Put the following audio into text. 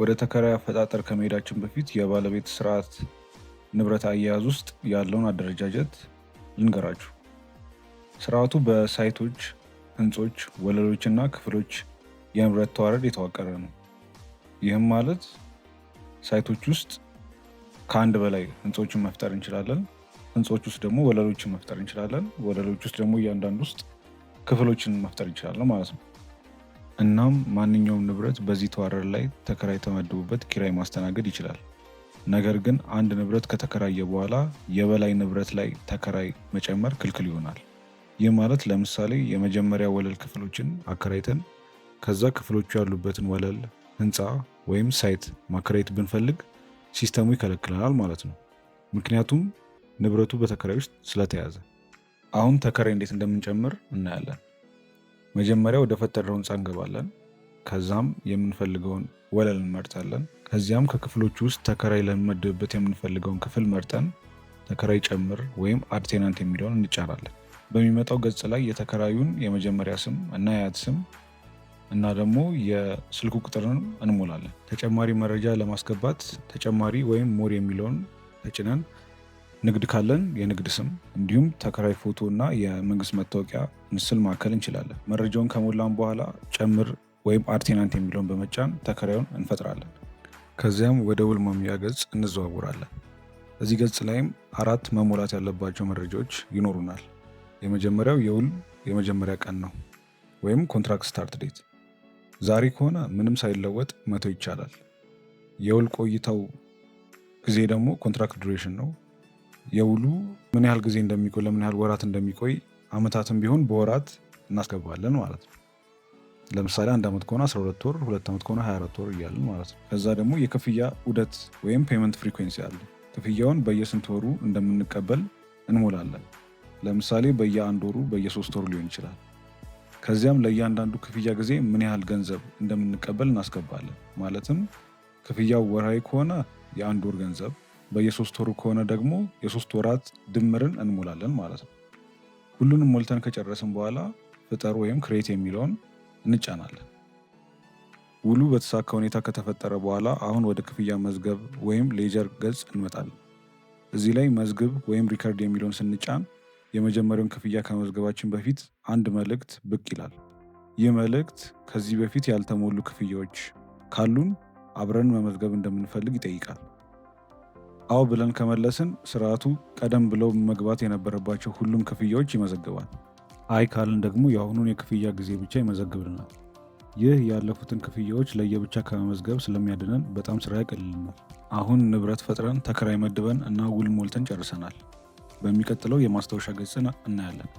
ወደ ተከራይ አፈጣጠር ከመሄዳችን በፊት የባለቤት ስርዓት ንብረት አያያዝ ውስጥ ያለውን አደረጃጀት ልንገራችሁ። ስርዓቱ በሳይቶች፣ ህንፆች፣ ወለሎችና ክፍሎች የንብረት ተዋረድ የተዋቀረ ነው። ይህም ማለት ሳይቶች ውስጥ ከአንድ በላይ ህንፆችን መፍጠር እንችላለን። ህንፆች ውስጥ ደግሞ ወለሎችን መፍጠር እንችላለን። ወለሎች ውስጥ ደግሞ እያንዳንድ ውስጥ ክፍሎችን መፍጠር እንችላለን ማለት ነው። እናም ማንኛውም ንብረት በዚህ ተዋረድ ላይ ተከራይ ተመድቦበት ኪራይ ማስተናገድ ይችላል። ነገር ግን አንድ ንብረት ከተከራየ በኋላ የበላይ ንብረት ላይ ተከራይ መጨመር ክልክል ይሆናል። ይህ ማለት ለምሳሌ የመጀመሪያ ወለል ክፍሎችን አከራይተን ከዛ ክፍሎቹ ያሉበትን ወለል ህንፃ ወይም ሳይት ማከራየት ብንፈልግ ሲስተሙ ይከለክለናል ማለት ነው። ምክንያቱም ንብረቱ በተከራይ ውስጥ ስለተያዘ። አሁን ተከራይ እንዴት እንደምንጨምር እናያለን። መጀመሪያ ወደ ፈጠረው ህንፃ እንገባለን። ከዛም የምንፈልገውን ወለል እንመርጣለን። ከዚያም ከክፍሎቹ ውስጥ ተከራይ ለመመደብበት የምንፈልገውን ክፍል መርጠን ተከራይ ጨምር ወይም አድ ቴናንት የሚለውን እንጫናለን። በሚመጣው ገጽ ላይ የተከራዩን የመጀመሪያ ስም እና የአያት ስም እና ደግሞ የስልኩ ቁጥርን እንሞላለን። ተጨማሪ መረጃ ለማስገባት ተጨማሪ ወይም ሞር የሚለውን ተጭነን ንግድ ካለን የንግድ ስም እንዲሁም ተከራይ ፎቶ እና የመንግስት መታወቂያ ምስል ማዕከል እንችላለን። መረጃውን ከሞላን በኋላ ጨምር ወይም አርቴናንት የሚለውን በመጫን ተከራዩን እንፈጥራለን። ከዚያም ወደ ውል ማሙያ ገጽ እንዘዋውራለን። እዚህ ገጽ ላይም አራት መሞላት ያለባቸው መረጃዎች ይኖሩናል። የመጀመሪያው የውል የመጀመሪያ ቀን ነው ወይም ኮንትራክት ስታርት ዴት። ዛሬ ከሆነ ምንም ሳይለወጥ መቶ ይቻላል። የውል ቆይታው ጊዜ ደግሞ ኮንትራክት ዱሬሽን ነው የውሉ ምን ያህል ጊዜ እንደሚቆይ ለምን ያህል ወራት እንደሚቆይ አመታትም ቢሆን በወራት እናስገባለን ማለት ነው። ለምሳሌ አንድ ዓመት ከሆነ 12 ወር፣ ሁለት ዓመት ከሆነ 24 ወር እያለን ማለት ነው። ከዛ ደግሞ የክፍያ ዑደት ወይም ፔመንት ፍሪኩዌንሲ አለ። ክፍያውን በየስንት ወሩ እንደምንቀበል እንሞላለን። ለምሳሌ በየአንድ ወሩ በየሶስት ወሩ ሊሆን ይችላል። ከዚያም ለእያንዳንዱ ክፍያ ጊዜ ምን ያህል ገንዘብ እንደምንቀበል እናስገባለን። ማለትም ክፍያው ወርሃዊ ከሆነ የአንድ ወር ገንዘብ በየሶስት ወሩ ከሆነ ደግሞ የሶስት ወራት ድምርን እንሞላለን ማለት ነው። ሁሉንም ሞልተን ከጨረስን በኋላ ፍጠር ወይም ክሬት የሚለውን እንጫናለን። ውሉ በተሳካ ሁኔታ ከተፈጠረ በኋላ አሁን ወደ ክፍያ መዝገብ ወይም ሌጀር ገጽ እንመጣለን። እዚህ ላይ መዝግብ ወይም ሪከርድ የሚለውን ስንጫን የመጀመሪያውን ክፍያ ከመዝገባችን በፊት አንድ መልእክት ብቅ ይላል። ይህ መልእክት ከዚህ በፊት ያልተሞሉ ክፍያዎች ካሉን አብረን መመዝገብ እንደምንፈልግ ይጠይቃል። አዎ ብለን ከመለስን ስርዓቱ ቀደም ብለው መግባት የነበረባቸው ሁሉም ክፍያዎች ይመዘግባል። አይ ካልን ደግሞ የአሁኑን የክፍያ ጊዜ ብቻ ይመዘግብልናል። ይህ ያለፉትን ክፍያዎች ለየብቻ ከመመዝገብ ስለሚያድነን በጣም ስራ ያቀልልናል። አሁን ንብረት ፈጥረን ተከራይ መድበን እና ውል ሞልተን ጨርሰናል። በሚቀጥለው የማስታወሻ ገጽን እናያለን።